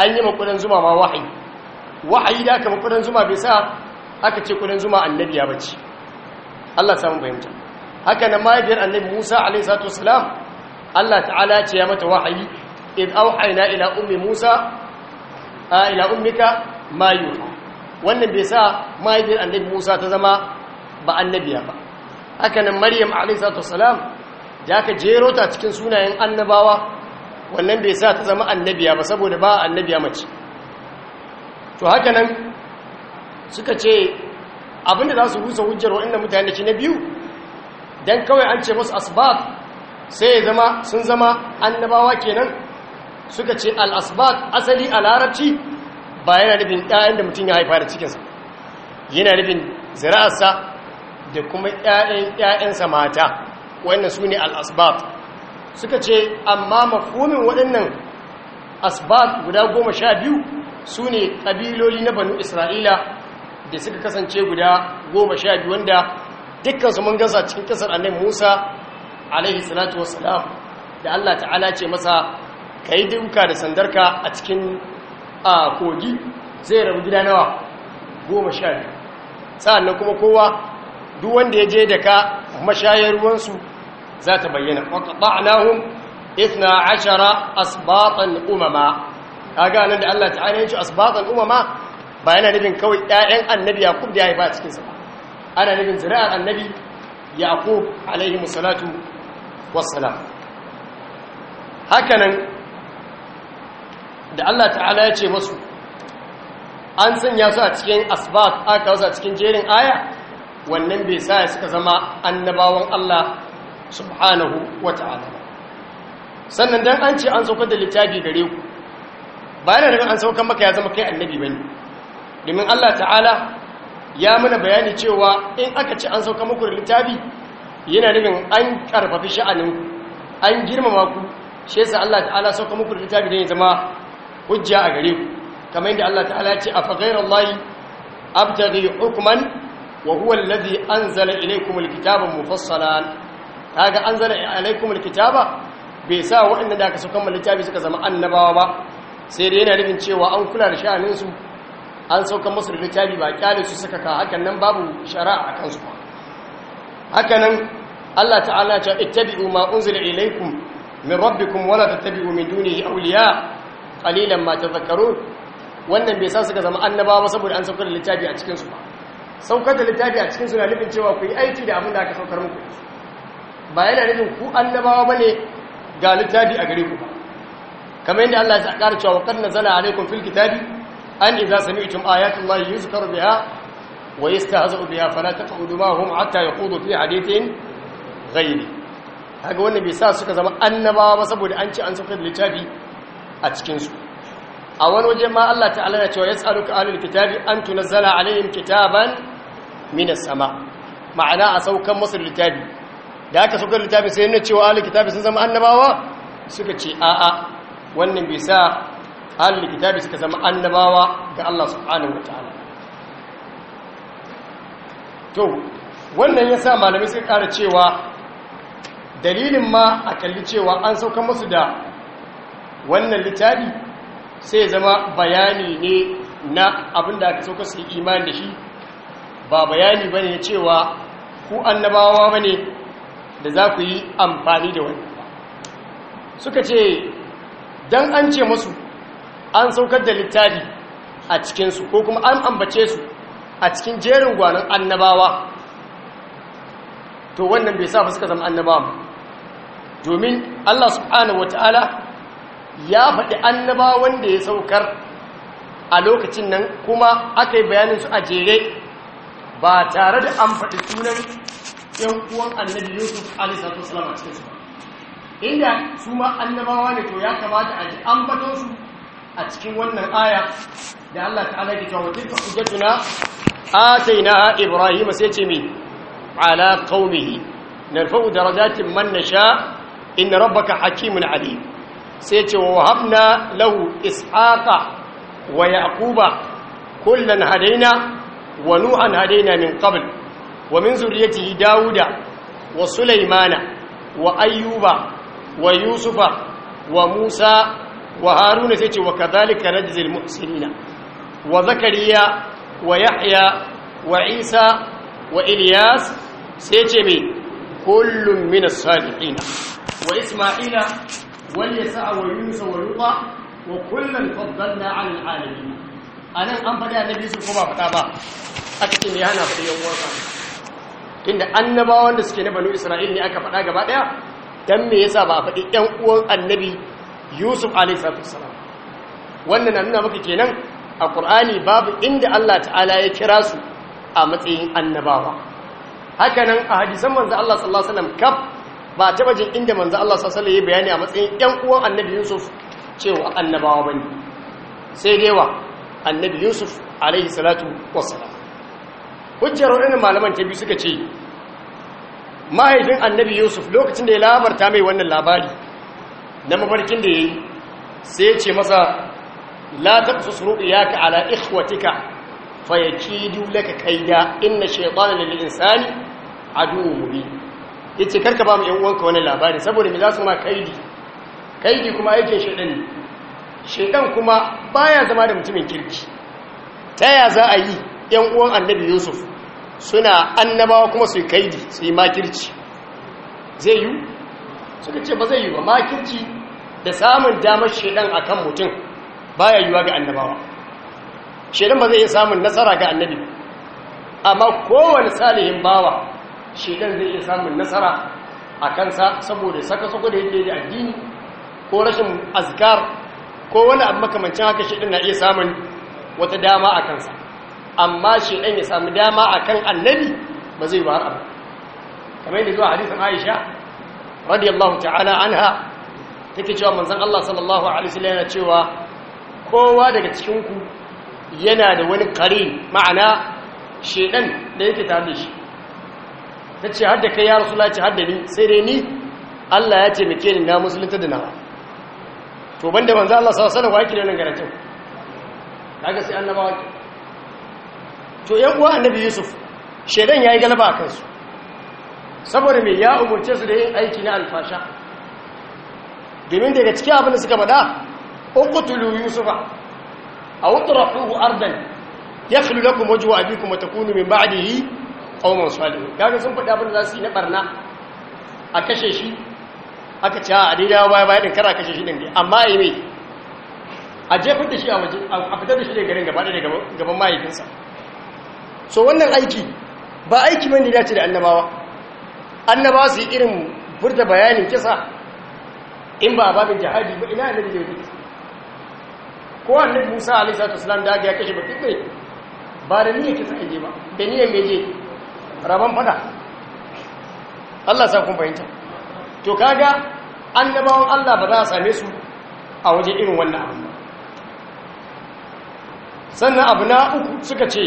an yi makudan zuma ma wa'ayi. Wa'ayi da aka makudan zuma bai sa aka ce kudan zuma annabi ya bace Allah samun bayanta haka nan mahaifiyar annabi Musa alaihi salatu wasalam Allah ta'ala ce ya mata wahayi in auhaina ila ummi Musa a ila ummika ma wannan bai sa mahaifiyar annabi Musa ta zama ba annabiya ba haka nan Maryam alayhi salatu wassalam da aka jero ta cikin sunayen annabawa wannan bai sa ta zama annabiya ba saboda ba annabiya mace to haka nan suka ce abinda za su rusa hujjar wa'annan mutane shi na biyu don kawai an ce masu asbab sai zama sun zama annabawa kenan suka ce al-asbat asali a larabci ba yana nufin ɗayan da mutum ya haifa da cikinsa yana nufin zira'arsa da kuma ɗayan-ɗayansa mata wannan su ne al suka ce amma mafumin waɗannan asbat guda goma sha biyu su ne ƙabiloli na banu isra'ila da suka kasance guda goma sha biyu wanda dukkansu mun gasa cikin ƙasar annabi musa alaihi salatu wassalam da Allah ta'ala ce masa ka yi duka da sandarka a cikin a kogi zai rabu gida nawa goma sha biyu sa'annan kuma kowa duk wanda ya je da ka mashayar ruwansu za ta bayyana ƙwaƙa'anahun ithna ashara asbatan umama kaga nan da Allah ta'ala ya ce asbatan umama ba yana nufin kawai ƴaƴan annabi yaqub da ya yi haifa cikinsa ba? ana nufin zuri'ar annabi yaqub alaihi salatu wassalam hakanan da Allah ta'ala ya ce masu an sanya su a cikin asbab aka wasu a cikin jerin aya wannan bai sa ya suka zama annabawan Allah subhanahu wa ta'ala sannan dan an ce an sauka da littafi gare ku bayan da an saukar maka ya zama kai annabi bane domin Allah ta'ala ya mana bayani cewa in aka ce an sauka muku da littafi yana nufin an karfafi sha'anin an girmama ku shi yasa Allah ta'ala sauka muku da littafi don ya zama hujja a gare ku kamar yadda Allah ta'ala ya ce a faghayra Allah abtaghi hukman wa huwa alladhi anzala ilaykum alkitaba mufassalan kaga anzala ilaykum alkitaba bai sa waɗanda da aka sauka mu littafi suka zama annabawa ba sai dai yana nufin cewa an kula da sha'anin su an sauka musu da littafi ba kyale su saka ka hakan nan babu shari'a a kansu ba hakanan Allah ta'ala ce ittabi'u ma unzila ilaykum min rabbikum wala tattabi'u min dunihi awliya qalilan ma tadhakkarun wannan bai sa suka zama annabawa saboda an saukar da littafi a cikin su ba saukar da littafi a cikin su na nufin cewa ku yi aiki da abin da aka saukar muku ba yana nufin ku annabawa bane ga littafi a gare ku ba kamar yadda Allah ya ƙara cewa wa qad nazala alaykum fil kitabi an idza sami'tum ayati llahi yuzkaru biha ويستهزئ بها فلا تقعدوا معهم حتى يقودوا في حديث غيري kaga wannan bai sa suka zama annabawa ba saboda an ci an saukar da littafi a cikinsu a wani waje ma Allah ta'ala ya cewa yas'aluka ahlul kitabi an tunazzala alaihim kitaban minas sama ma'ana a saukan musu littafi da aka saukar littafi sai yana cewa ahlul kitabi sun zama annabawa suka ce a'a wannan bai sa kitabi suka zama annabawa ga Allah subhanahu to wannan ya sa malamai suka ƙara cewa dalilin ma a kalli cewa an sauka musu da wannan littafi sai zama bayani ne na abin da aka sauka su yi imani da shi ba bayani ba ne cewa ku annabawa ba ne da za ku yi amfani da wani suka ce don an ce musu an saukar da littafi a cikinsu ko kuma an ambace su a cikin jerin gwanin annabawa to wannan bai sa fuska zama annabawa domin Allah subhanahu ta'ala ya faɗi annabawa wanda ya saukar a lokacin nan kuma aka yi bayanin su a jere ba tare da an faɗi sunan ‘yan uwan annabi yusuf alisatu salama cikin su inda su ma annabawa ne to ya kamata a ji an su? a cikin wannan aya da Allah ta'ala ke cewa tilka hujjatuna ataina ibrahim sai ce mi ala qaumihi narfa'u darajatin man nasha inna rabbaka hakimun alim sai ce wa habna lahu ishaqa wa yaquba kullan hadaina wa nuhan hadaina min qabl wa min zurriyyatihi dauda wa sulaymana wa ayyuba wa yusufa wa musa wa haruna sai ce wa kadhalika najzil muhsinina wa zakariya wa yahya wa isa wa ilyas sai ce me kullum min as-salihin wa isma'ila wa yasa wa yunus wa luqa wa kullum faddalna 'ala al-alamin anan an faɗi annabi su ko ba faɗa ba aka ce me yana faɗi yan uwansa Inda annabawan da suke na banu isra'il ne aka faɗa gaba daya dan me yasa ba a faɗi ɗan uwan annabi yusuf alaihissalam wannan na nuna maka kenan a ƙur'ani babu inda allah ta'ala ya kira su a matsayin annabawa hakanan a hadisan manzo allah sallallahu alaihi wasallam kaf ba taɓa jin inda manzo allah sallallahu alaihi wasallam ya bayani a matsayin ƴan uwan annabi yusuf cewa annabawa ne. sai dai wa annabi yusuf alaihi salatu wassalam hujjar malaman ta biyu suka ce mahaifin annabi yusuf lokacin da ya labarta mai wannan labari na mafarkin da ya yi sai ce masa la ya ka ala ikhwatika fayakidu laka kaida inna shaytana lil insani mubi ya yace karka ba mu yan uwanka wani labari saboda mai za su ma kaidi kaidi kuma aikin shaɗan ne kuma baya zama da mutumin kirki ta ya za a yi yan uwan annabi yusuf suna annabawa kuma su yi kaidi su yi makirci zai yi suka ce ba zai yi ba makinci da samun damar shaidan kan mutum ba ya yiwuwa ga annabawa shaidan ba zai iya samun nasara ga annabi amma kowane salihin bawa shaidan zai iya samun nasara a kansa saboda saka saka da yake da addini ko rashin azkar ko wani abu makamancin haka shaidan na iya samun wata dama a kansa amma shaidan ya samu dama a kan annabi ba zai ba har abu kamar yadda zuwa hadisin Aisha radiyallahu ta'ala anha take cewa manzon Allah sallallahu alaihi wasallam yana cewa kowa daga cikin ku yana da wani kare ma'ana shedan da yake tare da shi tace har da kai ya rasulullahi har da ni sai dai ni Allah ya ce muke ni na musulunta da nawa to banda manzon Allah sallallahu alaihi wasallam wake da nan garatu kaga sai annabawa to yan uwa annabi Yusuf shedan yayi galaba a kansu saboda mai ya umarce su da yin aiki na alfasha domin daga cikin abin da suka bada uqtulu yusufa aw tarahuhu ardan yakhlu lakum wajhu kuma ta kunu min ba'dihi qauman salihin kaga sun faɗi abin da za su yi na ɓarna a kashe shi aka ci a daidai baya baya bayan kara kashe shi din amma a yi mai a jefar da shi a waje a fitar da shi daga garin gaba da gaban mahaifinsa so wannan aiki ba aiki bane da ya ce da annabawa an ba su yi irin furta bayanin kisa in ba babin jihadi ba ina annabi zai kisa ko annabi Musa alisa ta wasalam da ya kashe bakin kai ba da niyyar kisa aje ba da niyyar mai je raban fada Allah sa kun fahimta to kaga annabawan Allah ba za a same su a waje irin wannan abu sannan abu na uku suka ce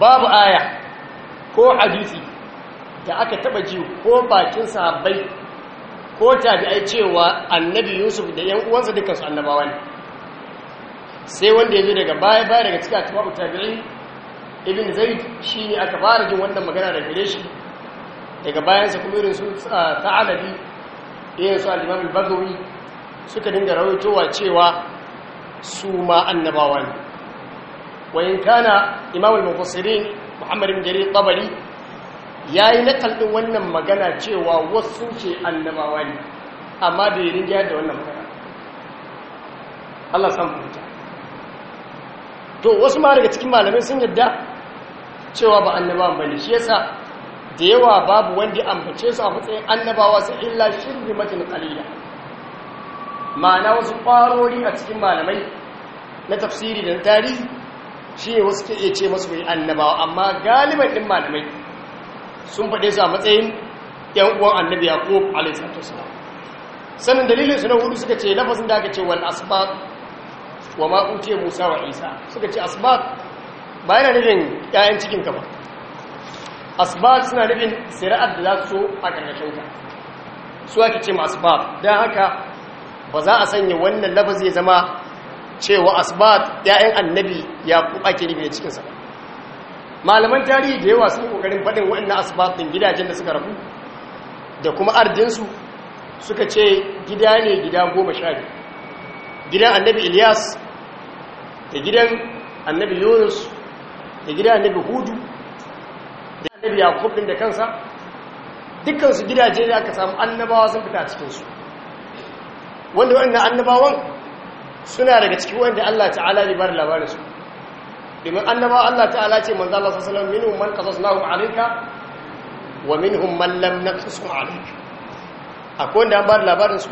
babu aya ko hadisi da aka taba ji ko bakin sahabbai ko tabi'ai cewa annabi yusuf da yan uwansa dukkan su annabawa ne sai wanda ya zo daga baya baya daga cikin atbabu tabi'in ibn zaid ne aka fara jin wannan magana da gare shi daga bayansa kuma irin su ta'alabi irin su al-imam al-bagawi suka dinga rawaitowa cewa su ma annabawa ne wa in kana imam mufassirin muhammad ibn jarir tabari ya yi nakal ɗin wannan magana cewa wasu ce annabawa ne amma da yi rinjaya da wannan magana Allah san fahimta to wasu ma daga cikin malamai sun yadda cewa ba annabawan ba ne shi yasa da yawa babu wanda ambace su a matsayin annabawa sai illa shirri matin kalila ma'ana wasu ƙwarori a cikin malamai na tafsiri da na tarihi shi ne wasu ke iya ce masu bai annabawa amma galiban ɗin malamai sun faɗe su a matsayin ‘yan uwan annabi yaqub alaihissalatu wasalam sanin dalilin su na hudu suka ce lafazin da aka ce wani wa ma musa wa isa suka ce asbat ba yana nufin ‘ya'yan cikin ka ba asbat suna nufin sira'ar da za su a ƙarƙashin ka su ake ce ma asbat don haka ba za a sanya wannan lafazi ya zama cewa asbat ‘ya'yan annabi ya a ke nufin cikinsa ba malaman tarihi da yawa sun kokarin faɗin waɗannan asibatin gidajen da suka rabu da kuma ardinsu suka ce gida ne gida goma sha gidan annabi ilyas da gidan annabi yunus da gidan annabi hudu da annabi yakub da kansa dukkansu gidaje da aka samu annabawa sun fita cikinsu wanda waɗannan annabawan suna daga cikin wanda allah ta'ala ya bar labarinsu domin annaba Allah ta'ala ce manzo Allah sallallahu alaihi wasallam minhum man qasasnahu alayka wa minhum man lam naqsusum alayka akwai wanda an bar labarin su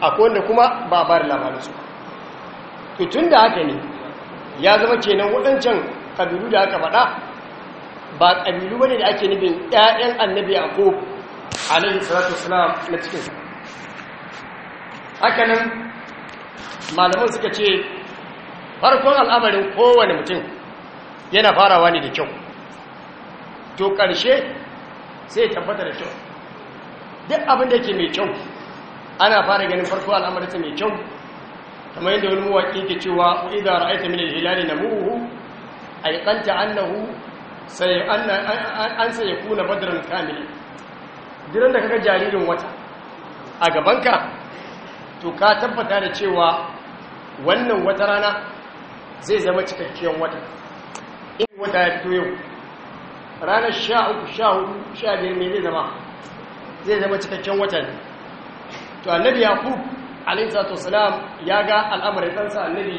akwai wanda kuma ba bar labarin su to tunda haka ne ya zama kenan wadancan kabilu da aka faɗa ba kabilu bane da ake nufin ƴaƴan annabi ako alaihi salatu wasalam na cikin haka nan malaman suka ce farkon al'amarin kowane mutum yana farawa ne da kyau to ƙarshe sai tabbata da kyau duk abin da ke mai kyau ana fara ganin farko al'amarinsa mai kyau kamar yadda wani mawaƙi ke cewa idan ra'aita min al na muhu, a annahu sai an sai yakuna badran kamili. diran da kaga jaririn wata a gabanka to ka tabbata da cewa wannan wata rana zai zama cikakkiyar wata in wata ya fito yau ranar sha uku sha hudu sha biyar mai zai zama zai zama cikakken wata ne to annabi ya alaihi salatu wasalam ya ga al'amarin ɗansa annabi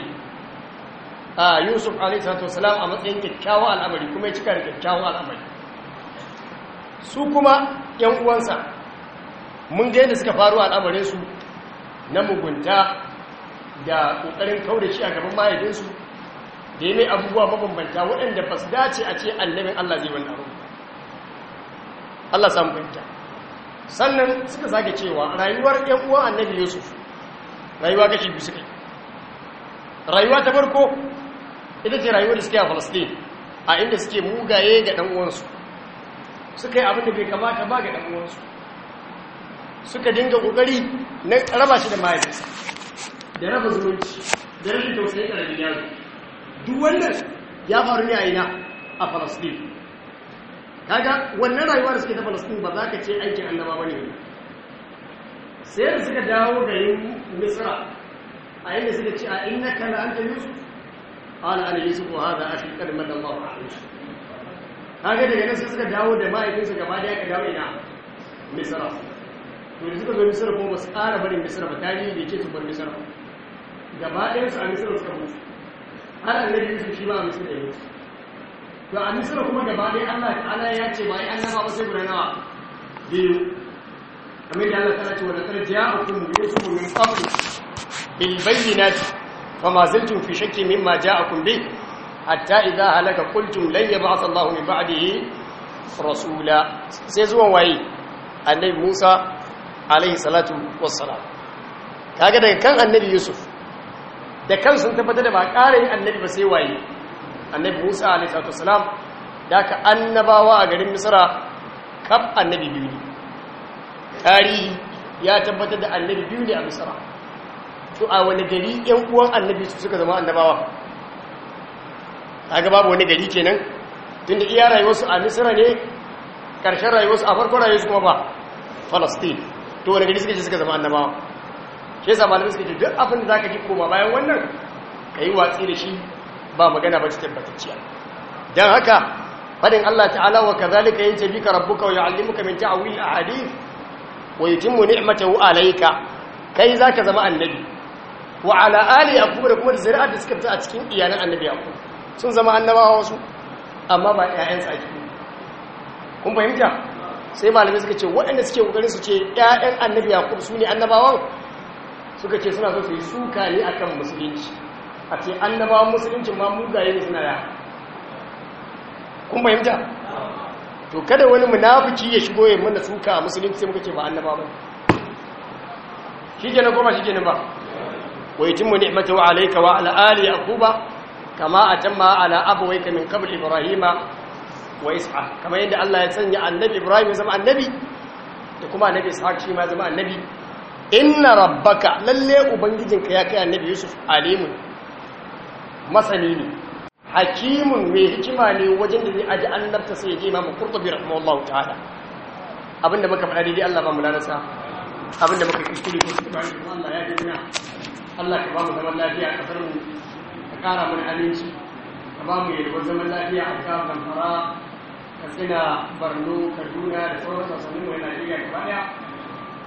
a yusuf alaihi salatu wasalam a matsayin kyakkyawan al'amari kuma ya cika da kyakkyawan al'amari su kuma yan uwansa mun ga yadda suka faru al'amarin su na mugunta da ƙoƙarin kaure shi a gaban mahaifinsu da yi abubuwa mabambanta waɗanda ba su dace a ce annabin Allah zai wani abubuwa Allah samu fahimta sannan suka zage cewa rayuwar ‘yan uwan annabi Yusuf rayuwa ga biyu suka yi rayuwa ta farko ita ce rayuwar da suke a Falastin a inda suke mugaye ga ɗan uwansu suka yi abin da bai kamata ba ga ɗan uwansu suka dinga ƙoƙari na raba shi da mahaifinsa da raba zumunci da rikin tausayi rikin yaro duk wannan ya faru ne a ina a falastin kaga wannan rayuwa da suke ta falastin ba za ka ce aikin annaba ba ne sai da suka dawo da yin misra a inda suka ce a inna kana anta yusuf قال انا يوسف وهذا اخي قد a الله عليه kaga daga nan sai suka dawo da ma'aikinsa gaba da ya ka dawo ina misra to da suka zo misra kuma ba su ƙara barin misra ba tarihi da ke su bar misra gaba ɗayan a misra suka mutu har annabi Yusuf shi ma a Misra ya mutu to a Misra kuma gaba dai Allah ta'ala ya ce ba ai an ba sai guda nawa biyu kamar yadda Allah ta'ala ce wa laqad ja'akum Yusuf min qabl bil bayyinati fama zaltum fi shakki mimma ja'akum bih hatta idza halaka qultum lan yab'ath Allahu min ba'dihi rasula sai zuwan waye annabi Musa alaihi salatu wassalam kaga daga kan annabi Yusuf da kansu tabbatar da ba ƙara yin annabi ba sai waye annabi musa alaihi salatu da ka annabawa a garin misra kaf annabi biyu ne tarihi ya tabbatar da annabi biyu ne a misra to a wani gari yan uwan annabi su suka zama annabawa kaga babu wani gari kenan tunda iya rayuwarsu a misra ne karshen rayuwarsu a farkon rayuwarsu kuma ba falastin to wani gari suka je suka zama annabawa shi yasa malamin suka duk abin da zaka ji koma bayan wannan kai watsi da shi ba magana ba ta tabbatacciya dan haka fadin Allah ta'ala wa kadhalika bika rabbuka wa ya'allimuka min ta'wil ahadith wa yutimmu ni'matahu alayka kai zaka zama annabi wa ala ali yaqub da kuma zuri'ar da suka fita a cikin iyalan annabi yaqub sun zama annabawa wasu amma ba ƴaƴansu ake kun fahimta sai malamai suka ce waɗanda suke kokarin su ce ‘ya'yan annabi yakub su ne annabawan suka ce suna so su yi suka ne akan musulunci a ce annabawan musulunci ma mugaye ne suna ya kun fahimta to kada wani munafuki ya shigo ya mana suka a musulunci sai muka ce ba annaba ba shi ke shikenan ba wa mu ne mata wa al'ali a kuba kama ma ala abawayka min kabul ibrahima wa is'a kama yadda Allah ya sanya annabi ibrahim ya zama annabi da kuma annabi ishaq shi ma zama annabi inna rabbaka lalle ubangijinka ya kai annabi yusuf alimun masani ne hakimun mai hikima ne wajen da zai aji annabta sai ya je imamu qurtubi rahimahullahu ta'ala abinda muka faɗa dai Allah ba mu lalasa abinda muka kuskure ko kuma Allah ya gina Allah ka ba mu zaman lafiya a kasar mu ka kara mana aminci ka ba mu yalwar zaman lafiya a kasar Zamfara Katsina Borno Kaduna da sauran sassanin mu na Najeriya gaba daya